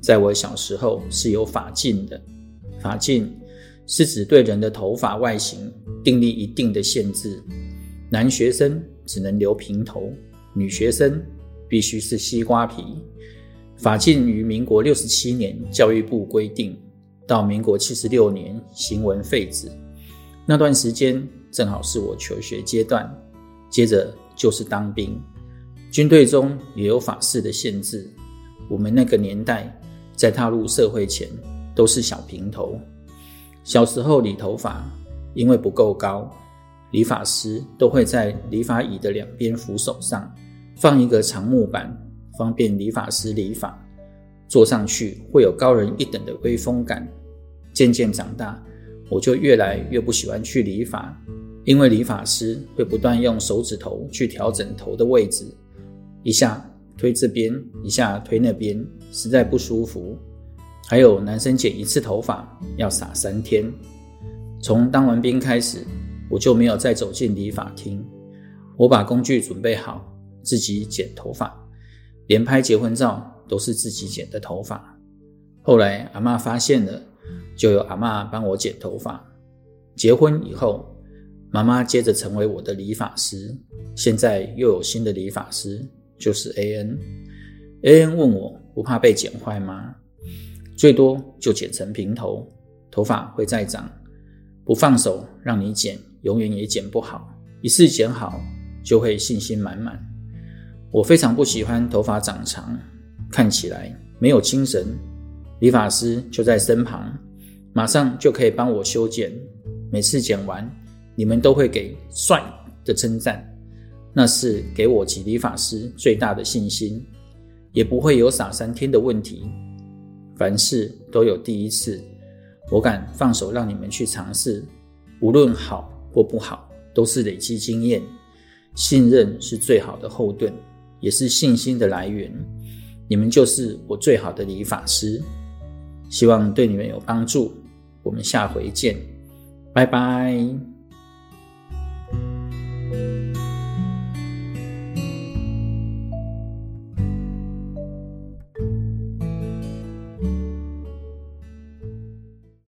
在我小時候是有髮禁的，髮禁是指對人的頭髮外形訂立一定的限制，男學生只能留平頭，女學生必須是西瓜皮。髮禁於民國六十七年教育部規定，到民國七十六年行文廢止。那段時間正好是我求學階段，接着就是當兵，軍隊中也有髮式的限制。我們那個年代。在踏入社會前，都是小平頭。小時候理頭髮，因為不夠高，理髮師都會在理髮椅的兩邊扶手上放一個長木板，方便理髮師理髮。坐上去會有高人一等的威風感。漸漸長大，我就越來越不喜歡去理髮，因為理髮師會不斷用手指頭去調整頭的位置，一下。推這邊一下，推那邊，實在不舒服。還有男生剪一次頭髮要傻三天。從當完兵開始，我就沒有再走進理髮廳。我把工具準備好，自己剪頭髮，連拍結婚照都是自己剪的頭髮。後來阿媽發現了，就由阿媽幫我剪頭髮。結婚以後，媽媽接着成為我的理髮師，現在又有新的理髮師。就是 A N，A N 問我不怕被剪壞嗎？最多就剪成平頭，頭髮會再長。不放手讓你剪，永遠也剪不好。一次剪好就會信心滿滿。我非常不喜歡頭髮長長，看起來沒有精神。理髮師就在身旁，馬上就可以幫我修剪。每次剪完，你們都會給帥的稱讚。那是給我及理髮師最大的信心，也不會有傻三天的問題。凡事都有第一次，我敢放手讓你們去嘗試，無論好或不好，都是累積經驗。信任是最好的後盾，也是信心的來源。你們就是我最好的理髮師，希望對你們有幫助。我們下回見，拜拜。